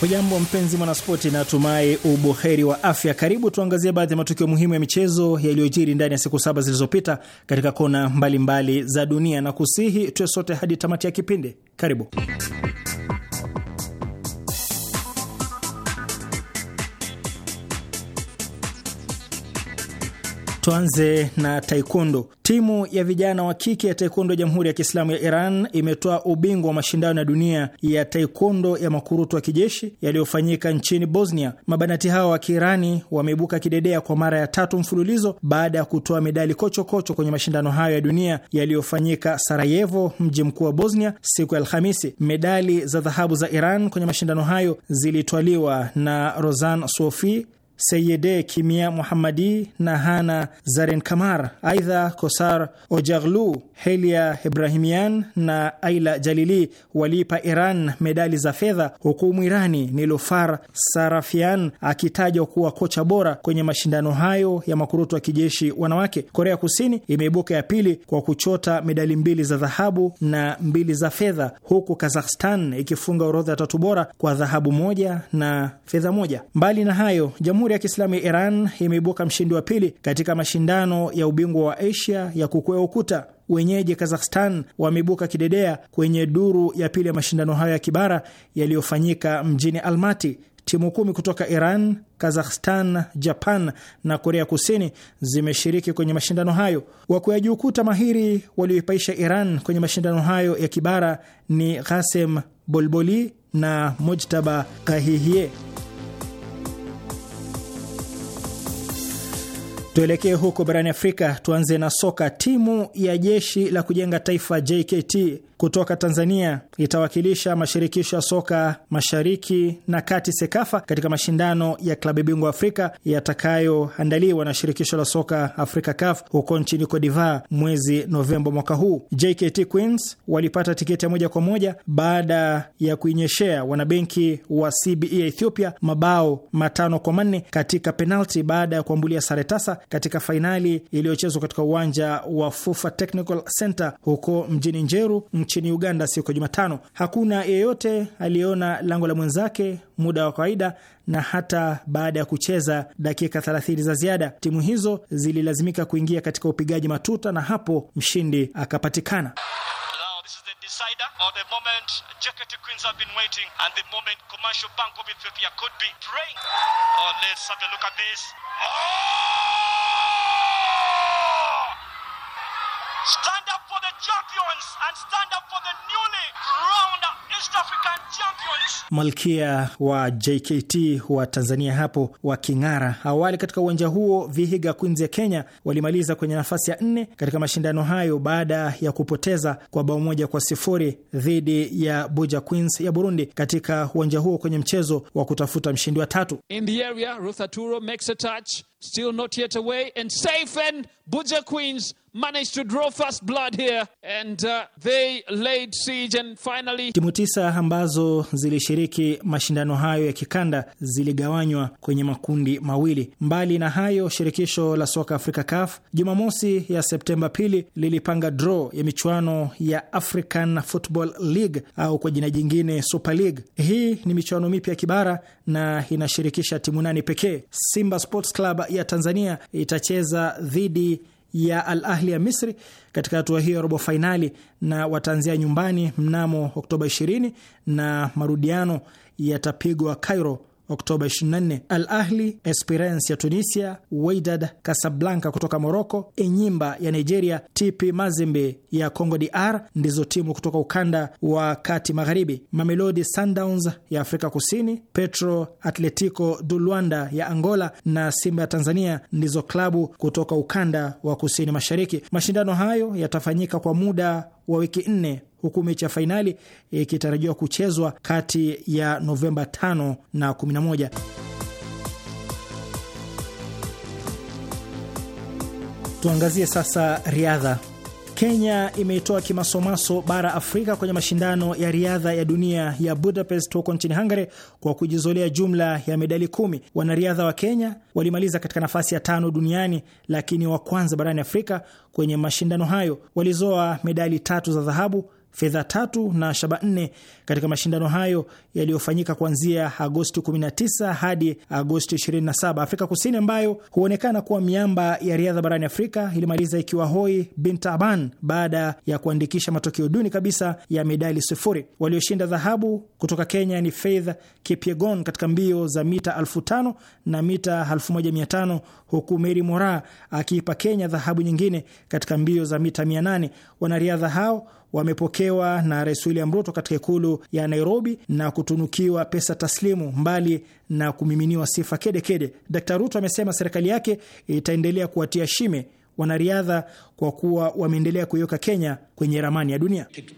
Hujambo mpenzi mwanaspoti, natumai ubuheri wa afya. Karibu tuangazie baadhi ya matukio muhimu ya michezo yaliyojiri ndani ya siku saba zilizopita katika kona mbalimbali mbali za dunia, na kusihi tuwe sote hadi tamati ya kipindi. Karibu. Tuanze na taekwondo. Timu ya vijana wa kike ya taekwondo ya Jamhuri ya Kiislamu ya Iran imetoa ubingwa wa mashindano ya dunia ya taekwondo ya makurutu wa kijeshi yaliyofanyika nchini Bosnia. Mabanati hao wa Kiirani wameibuka kidedea kwa mara ya tatu mfululizo baada ya kutoa medali kochokocho kocho kwenye mashindano hayo ya dunia yaliyofanyika Sarajevo, mji mkuu wa Bosnia, siku ya Alhamisi. Medali za dhahabu za Iran kwenye mashindano hayo zilitwaliwa na Rozan Sofi Seyede Kimia Muhammadi na Hana zaren kamar Aidha, Kosar ojaglu Helia Ibrahimian na Aila Jalili waliipa Iran medali za fedha, huku Mwirani Nilofar Sarafian akitajwa kuwa kocha bora kwenye mashindano hayo ya makurutu wa kijeshi wanawake. Korea Kusini imeibuka ya pili kwa kuchota medali mbili za dhahabu na mbili za fedha, huku Kazakhstan ikifunga orodha ya tatu bora kwa dhahabu moja na fedha moja. Mbali na hayo, Jamhuri Jamhuri ya Kiislamu ya Iran imeibuka mshindi wa pili katika mashindano ya ubingwa wa Asia ya kukwea ukuta. Wenyeji Kazakhstan wameibuka kidedea kwenye duru ya pili ya mashindano hayo ya kibara yaliyofanyika mjini Almati. Timu kumi kutoka Iran, Kazakhstan, Japan na Korea Kusini zimeshiriki kwenye mashindano hayo. Wakweaji ukuta mahiri walioipaisha Iran kwenye mashindano hayo ya kibara ni Ghasem Bolboli na Mojtaba Kahihie. Tuelekee huko barani Afrika, tuanze na soka. Timu ya jeshi la kujenga taifa JKT kutoka Tanzania itawakilisha mashirikisho ya soka mashariki na kati SEKAFA katika mashindano ya klabu bingwa Afrika yatakayoandaliwa na shirikisho la soka Afrika CAF huko nchini Kodiva mwezi Novemba mwaka huu. JKT Queens walipata tiketi ya moja kwa moja baada ya kuinyeshea wanabenki wa CBE Ethiopia mabao matano kwa manne katika penalti baada ya kuambulia sare tasa katika fainali iliyochezwa katika uwanja wa Fufa Technical Center huko mjini Njeru nchini Uganda siku ya Jumatano. Hakuna yeyote aliyeona lango la mwenzake muda wa kawaida na hata baada ya kucheza dakika 30 za ziada, timu hizo zililazimika kuingia katika upigaji matuta na hapo mshindi akapatikana. Stand up for the champions and stand up for the newly crowned East African champions. Malkia wa JKT wa Tanzania hapo waking'ara. Awali katika uwanja huo Vihiga Queens ya Kenya walimaliza kwenye nafasi ya nne katika mashindano hayo baada ya kupoteza kwa bao moja kwa sifuri dhidi ya Buja Queens ya Burundi katika uwanja huo kwenye mchezo wa kutafuta mshindi wa tatu. In the area, Aturo makes a touch still not yet away. And Safe and Buja Queens managed to draw first blood here and uh, they laid siege and finally... Timu tisa ambazo zilishiriki mashindano hayo ya kikanda ziligawanywa kwenye makundi mawili. Mbali na hayo, shirikisho la soka Afrika CAF Jumamosi ya Septemba pili lilipanga draw ya michuano ya African Football League au kwa jina jingine Super League. Hii ni michuano mipya kibara na inashirikisha timu nane pekee. Simba Sports Club ya Tanzania itacheza dhidi ya Al Ahli ya Misri katika hatua hiyo ya robo fainali, na wataanzia nyumbani mnamo Oktoba 20 na marudiano yatapigwa Cairo Oktoba 24. Al Ahli, Esperance ya Tunisia, Wydad Casablanca kutoka moroco Enyimba ya Nigeria, TP Mazembe ya Congo DR ndizo timu kutoka ukanda wa kati magharibi. Mamelodi Sundowns ya Afrika Kusini, Petro Atletico du Luanda ya Angola na Simba ya Tanzania ndizo klabu kutoka ukanda wa kusini mashariki. Mashindano hayo yatafanyika kwa muda wa wiki nne huku mechi ya fainali ikitarajiwa kuchezwa kati ya Novemba 5 na 11. Tuangazie sasa riadha. Kenya imeitoa kimasomaso bara Afrika kwenye mashindano ya riadha ya dunia ya Budapest huko nchini Hungary kwa kujizolea jumla ya medali kumi. Wanariadha wa Kenya walimaliza katika nafasi ya tano duniani, lakini wa kwanza barani Afrika kwenye mashindano hayo. Walizoa medali tatu za dhahabu fedha tatu na shaba nne katika mashindano hayo yaliyofanyika kuanzia Agosti 19 hadi Agosti 27. Afrika Kusini, ambayo huonekana kuwa miamba ya riadha barani Afrika, ilimaliza ikiwa hoi bint aban baada ya kuandikisha matokeo duni kabisa ya medali sufuri. Walioshinda dhahabu kutoka Kenya ni Faith Kipyegon katika mbio za mita 5000 na mita 1500, huku Mary Moraa akiipa Kenya dhahabu nyingine katika mbio za mita 800. Wanariadha hao wamepokewa na Rais William Ruto katika ikulu ya Nairobi na kutunukiwa pesa taslimu mbali na kumiminiwa sifa kedekede kede. Dr Ruto amesema serikali yake itaendelea kuwatia shime wanariadha kwa kuwa wameendelea kuiweka Kenya kwenye ramani ya dunia. It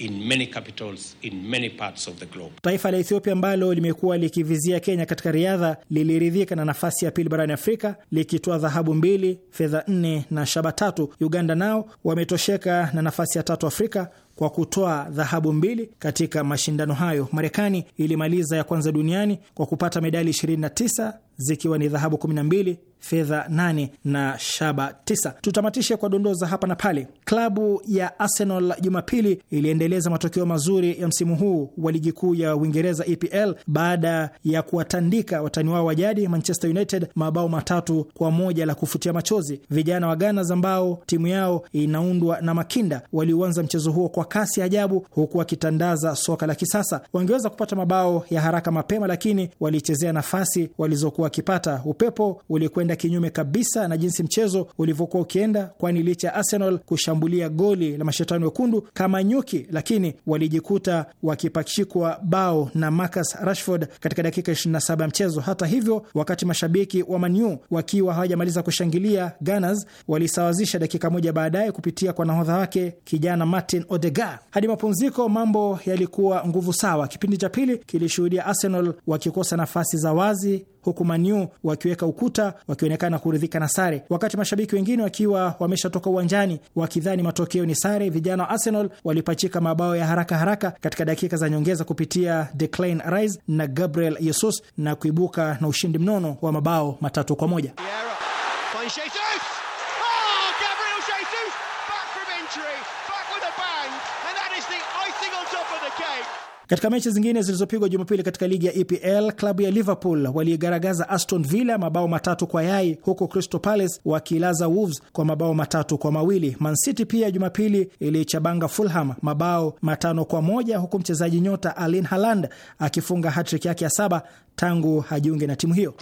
in many capitals in many parts of the globe. Taifa la Ethiopia ambalo limekuwa likivizia Kenya katika riadha liliridhika na nafasi ya pili barani Afrika likitoa dhahabu mbili, fedha nne na shaba tatu. Uganda nao wametosheka na nafasi ya tatu Afrika kwa kutoa dhahabu mbili katika mashindano hayo. Marekani ilimaliza ya kwanza duniani kwa kupata medali 29 zikiwa ni dhahabu 12 fedha 8 na shaba 9. Tutamatishe kwa dondoo za hapa na pale. Klabu ya Arsenal Jumapili iliendeleza matokeo mazuri ya msimu huu wa ligi kuu ya Uingereza EPL baada ya kuwatandika watani wao wa jadi Manchester United mabao matatu kwa moja la kufutia machozi. Vijana wa Ganas ambao timu yao inaundwa na makinda waliuanza mchezo huo kwa kasi ajabu, huku wakitandaza soka la kisasa. Wangeweza kupata mabao ya haraka mapema, lakini walichezea nafasi walizokuwa wakipata. Upepo ulikwenda kinyume kabisa na jinsi mchezo ulivyokuwa ukienda, kwani licha ya Arsenal kushambulia goli la mashetani wekundu kama nyuki, lakini walijikuta wakipachikwa bao na Marcus Rashford katika dakika 27 ya mchezo. Hata hivyo, wakati mashabiki wa Manu wakiwa hawajamaliza kushangilia, Gunners walisawazisha dakika moja baadaye kupitia kwa nahodha wake kijana Martin Odegaard Wenga. Hadi mapumziko mambo yalikuwa nguvu sawa. Kipindi cha pili kilishuhudia Arsenal wakikosa nafasi za wazi huku Manu wakiweka ukuta wakionekana kuridhika na sare, wakati mashabiki wengine wakiwa wameshatoka uwanjani wakidhani matokeo ni sare. Vijana wa Arsenal walipachika mabao ya haraka haraka katika dakika za nyongeza kupitia Declan Rice na Gabriel Jesus na kuibuka na ushindi mnono wa mabao matatu kwa moja. Katika mechi zingine zilizopigwa Jumapili katika ligi ya EPL, klabu ya Liverpool waliigaragaza Aston Villa mabao matatu kwa yai, huku Crystal Palace wakiilaza Wolves kwa mabao matatu kwa mawili. Man City pia Jumapili iliichabanga Fulham mabao matano kwa moja, huku mchezaji nyota Erling Haaland akifunga hatrick yake ya saba tangu hajiunge na timu hiyo.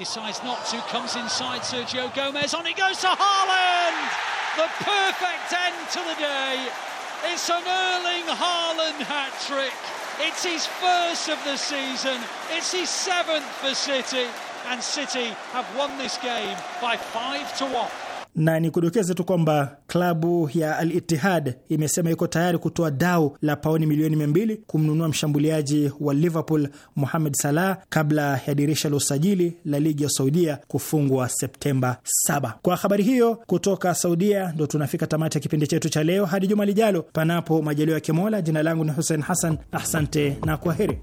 It's an Erling Haaland hat-trick. It's his first of the season. It's his seventh for City. And City have won this game by five to one. na ni kudokeza tu kwamba klabu ya Al Ittihad imesema iko tayari kutoa dau la paoni milioni mia mbili kumnunua mshambuliaji wa Liverpool Mohamed Salah kabla ya dirisha la usajili la ligi ya Saudia kufungwa Septemba 7. Kwa habari hiyo kutoka Saudia, ndo tunafika tamati ya kipindi chetu cha leo. Hadi juma lijalo, panapo majaliwa ya kimola Jina langu ni Hussein Hassan, asante na kwaheri.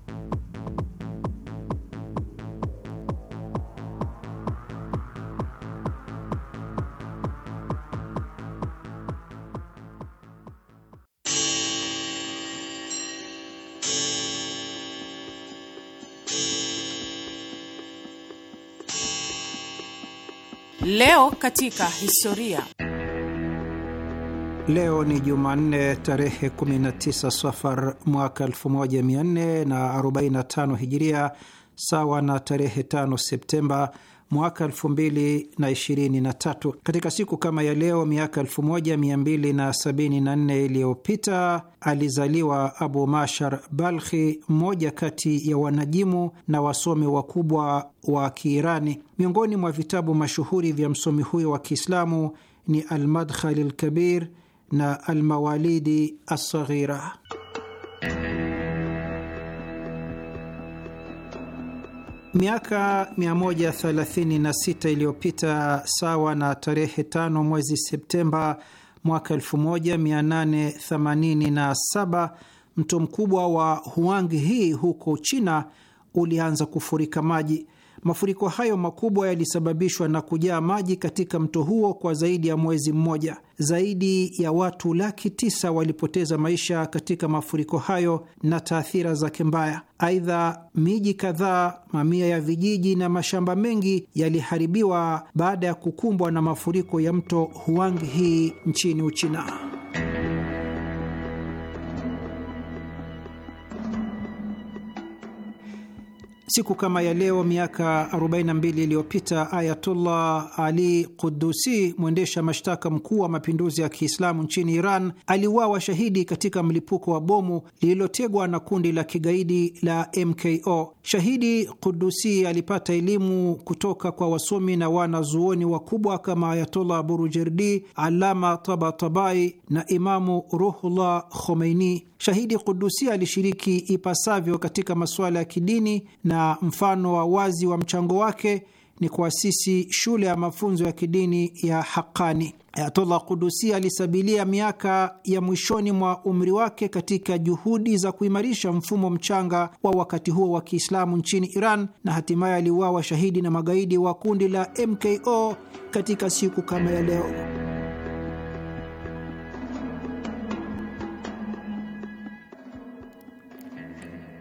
Leo katika historia. Leo ni Jumanne tarehe 19 Safar mwaka 1445 Hijiria, sawa na tarehe 5 Septemba mwaka Katika siku kama ya leo miaka 1274 iliyopita alizaliwa Abu Mashar Balkhi, mmoja kati ya wanajimu na wasomi wakubwa wa Kiirani. Miongoni mwa vitabu mashuhuri vya msomi huyo wa Kiislamu ni Almadkhali Lkabir na Almawalidi alsaghira Miaka 136 iliyopita sawa na tarehe tano mwezi Septemba mwaka 1887 mto mkubwa wa Huang hii huko China ulianza kufurika maji. Mafuriko hayo makubwa yalisababishwa na kujaa maji katika mto huo kwa zaidi ya mwezi mmoja. Zaidi ya watu laki tisa walipoteza maisha katika mafuriko hayo na taathira zake mbaya. Aidha, miji kadhaa, mamia ya vijiji na mashamba mengi yaliharibiwa baada ya kukumbwa na mafuriko ya mto huang hii nchini Uchina. Siku kama ya leo miaka 42 iliyopita Ayatullah Ali Qudusi, mwendesha mashtaka mkuu wa mapinduzi ya Kiislamu nchini Iran, aliuawa shahidi katika mlipuko wa bomu lililotegwa na kundi la kigaidi la MKO. Shahidi Qudusi alipata elimu kutoka kwa wasomi na wanazuoni wakubwa kama Ayatullah Burujerdi, Alama Tabatabai na Imamu Ruhullah Khomeini. Shahidi Kudusi alishiriki ipasavyo katika masuala ya kidini na mfano wa wazi wa mchango wake ni kuasisi shule ya mafunzo ya kidini ya Haqani. Ayatollah Kudusi alisabilia miaka ya mwishoni mwa umri wake katika juhudi za kuimarisha mfumo mchanga wa wakati huo wa Kiislamu nchini Iran na hatimaye aliuawa shahidi na magaidi wa kundi la MKO katika siku kama ya leo.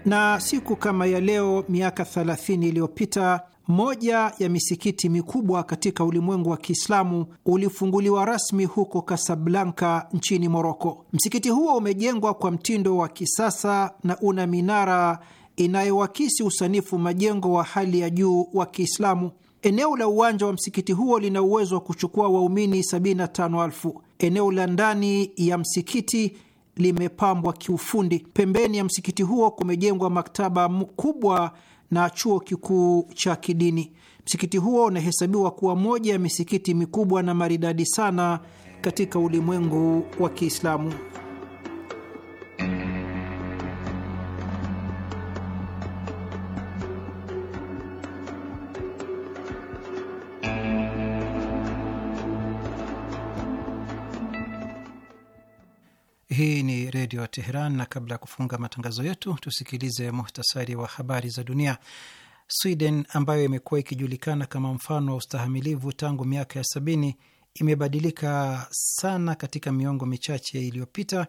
Na siku kama ya leo miaka 30 iliyopita moja ya misikiti mikubwa katika ulimwengu wa Kiislamu ulifunguliwa rasmi huko Kasablanka nchini Moroko. Msikiti huo umejengwa kwa mtindo wa kisasa na una minara inayowakisi usanifu majengo wa hali ya juu wa Kiislamu. Eneo la uwanja wa msikiti huo lina uwezo wa kuchukua waumini 75 Eneo la ndani ya msikiti limepambwa kiufundi. Pembeni ya msikiti huo kumejengwa maktaba kubwa na chuo kikuu cha kidini. Msikiti huo unahesabiwa kuwa moja ya misikiti mikubwa na maridadi sana katika ulimwengu wa Kiislamu. Redio Teheran, na kabla ya kufunga matangazo yetu tusikilize muhtasari wa habari za dunia. Sweden ambayo imekuwa ikijulikana kama mfano wa ustahamilivu tangu miaka ya sabini imebadilika sana katika miongo michache iliyopita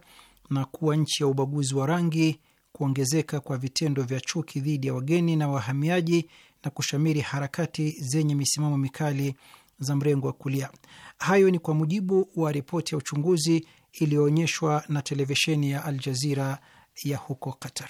na kuwa nchi ya ubaguzi wa rangi, kuongezeka kwa vitendo vya chuki dhidi ya wageni na wahamiaji na kushamiri harakati zenye misimamo mikali za mrengo wa kulia. Hayo ni kwa mujibu wa ripoti ya uchunguzi iliyoonyeshwa na televisheni ya Al Jazira ya huko Qatar.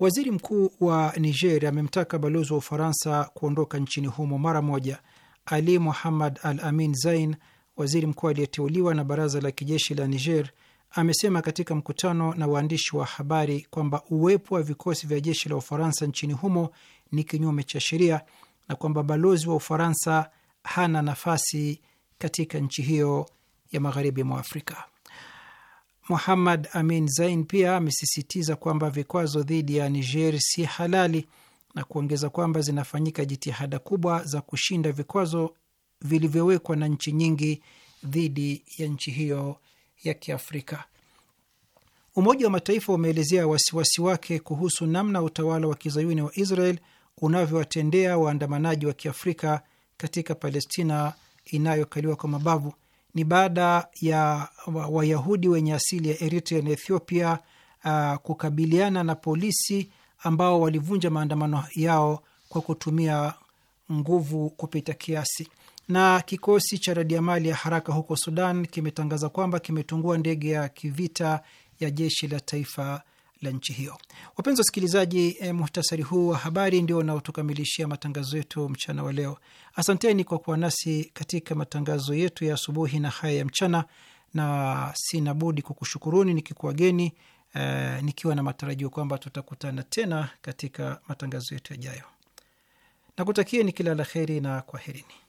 Waziri mkuu wa Niger amemtaka balozi wa Ufaransa kuondoka nchini humo mara moja. Ali Muhammad Al Amin Zain, waziri mkuu aliyeteuliwa na baraza la kijeshi la Niger, amesema katika mkutano na waandishi wa habari kwamba uwepo wa vikosi vya jeshi la Ufaransa nchini humo ni kinyume cha sheria na kwamba balozi wa Ufaransa hana nafasi katika nchi hiyo ya magharibi mwa Afrika. Muhammad Amin Zain pia amesisitiza kwamba vikwazo dhidi ya Niger si halali na kuongeza kwamba zinafanyika jitihada kubwa za kushinda vikwazo vilivyowekwa na nchi nyingi dhidi ya nchi hiyo ya Kiafrika. Umoja wa Mataifa umeelezea wasiwasi wake kuhusu namna utawala wa kizayuni wa Israel unavyowatendea waandamanaji wa Kiafrika katika Palestina inayokaliwa kwa mabavu ni baada ya Wayahudi wenye asili ya Eritrea na Ethiopia uh, kukabiliana na polisi ambao walivunja maandamano yao kwa kutumia nguvu kupita kiasi. Na kikosi cha radiamali ya haraka huko Sudan kimetangaza kwamba kimetungua ndege ya kivita ya jeshi la taifa la nchi hiyo. Wapenzi wasikilizaji, eh, muhtasari huu wa habari ndio unaotukamilishia matangazo yetu mchana wa leo. Asanteni kwa kuwa nasi katika matangazo yetu ya asubuhi na haya ya mchana, na sina budi kukushukuruni nikikuwageni eh, nikiwa na matarajio kwamba tutakutana tena katika matangazo yetu yajayo. Nakutakieni kila la heri na kwaherini.